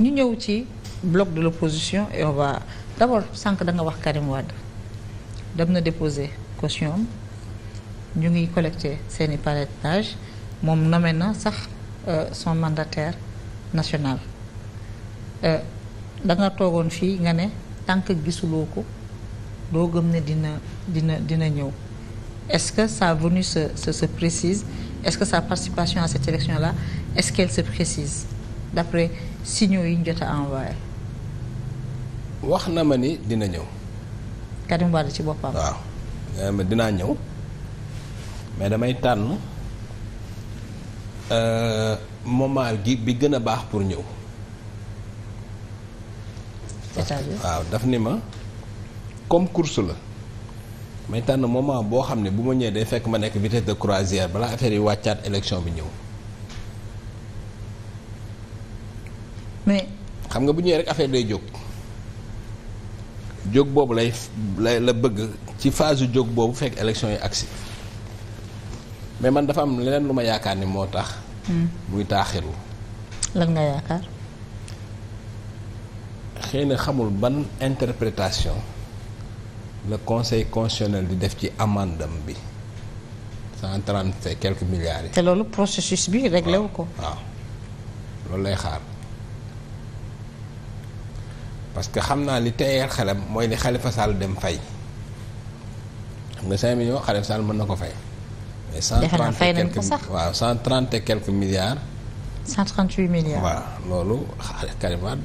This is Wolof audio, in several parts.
ñu ñëw ci bloc de l'opposition et on va d'abord sànq da nga wax Karim Wade dem na déposer caution am ñu ngi collecté seeni parrainage moom nommé na sax euh, son mandataire national euh, da nga toogoon fii nga ne tant que gisuloo ko doo gëm ne dina dina dina ñëw est-ce que sa venue se précise est-ce que sa participation à cette élection-là est-ce qu'elle précise d'après signaux yi ñu jot wax na ma ni dina ñëw. Karim Wade ci boppam. waaw nee ma dinaa ñëw mais damay tànn euh, moment gi bi gën a baax pour ñëw. c'est-à-dire waaw daf ni ma comme course la. may tànn moment boo xam ne bu ma ñëwee day fekk ma nekk vitesse de croisière balaa affaire yi wàccaat élection bi ñëw. mais xam nga bu ñëwee rek affaire day jóg jóg boobu lay la bëgg ci phase jóg boobu fekk élection yi agsi mais man dafa am leneen lu ma yaakaar ni moo tax. Hmm. muy taaxiru. lan nga yaakaar. xëy na xamul ban interprétation le conseil constitutionnel di def ci amendement bi cent trente milliards yi. te loolu processus bi réglé wu ko. waaw loolu lay xaar. parce que xam naa li teyeer xelam mooy li Khalifa Sall dem fay xam nga 5 millions Khalifa Sall mën na ko fay. mais 130 fay nañ ko sax waaw 130 et quelques milliards. 138 loolu Karim Wade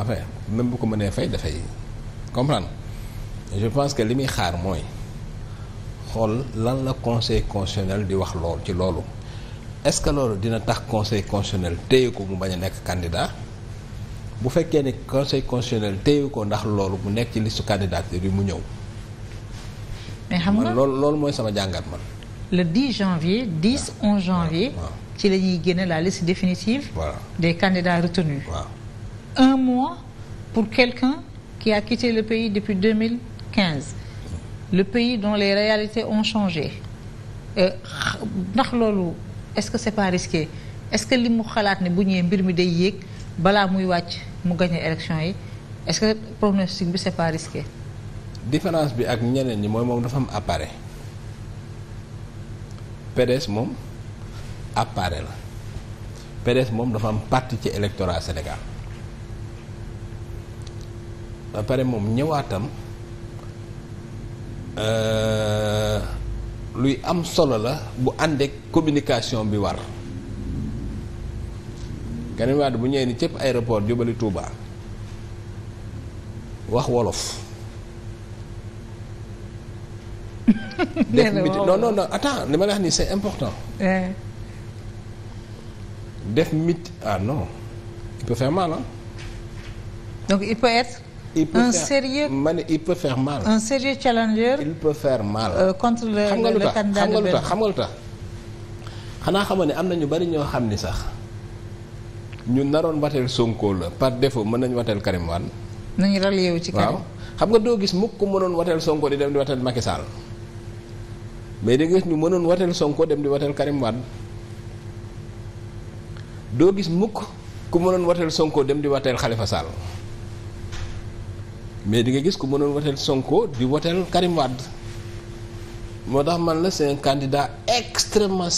affaire même bu ko mënee fay dafay comprendre je pense que li muy xaar mooy xool lan la conseil constitutionnel di wax lool ci loolu est-ce que loolu dina tax conseil constitutionnel téye ko mu bañ a nekk candidat. bu fekkee ne conseil constitutionnel téye ko ndax loolu mu nekk ci liste candidature yi mu ñëw. mais xam nga loolu loolu mooy sama jàngat man. le 10 janvier 10 ah, 11 janvier. ci la ñuy génne la liste définitive. Voilà. des candidats retenus. Voilà. un mois pour quelqu'un qui a quitté le pays depuis 2015 le pays dont les réalités ont changé euh, ndax loolu est-ce que c'est pas risqué est-ce que li mu xalaat ne bu ñëwee mbir mi day yéeg. balaa muy wàcc mu gagné élection yi est-ce que pronostic bi c'est pas risqué. bi ak ñeneen ñi mooy moom dafa am appareil PDS moom appareil la PDS moom dafa am parti ci électorat Sénégal ba pare moom ñëwaatam euh, luy am solo la bu àndeek communication bi war. Karim Wade bu ñëwee ni cëpp aéroport jubali Touba wax wolof. def miti non non non attends li ma la wax nii c'est important. Eh. def miti ah non il peut un faire sérieux ma ne il peut faire mal. un sérieux challenger. il peut euh, contre le xam nga lu tax xam nga lu tax xanaa xamoon ne am na ñu bari ñoo xam ni sax. ñu naroon wateel Sonko la par défaut mën nañu wateel Karim Wade. nañu rallié wu ci Karim waaw xam nga doo gis mukk ko mënoon wateel Sonko di dem di wateel Macky mais da ñu mënoon wateel Sonko dem di wateel Karim Wade doo gis mukk ku mënoon wateel Sonko dem di wateel Khalifa Sall mais di nga gis ku mënoon wateel Sonko di wateel Karim Wade moo tax man la c'est un candidat extrêmement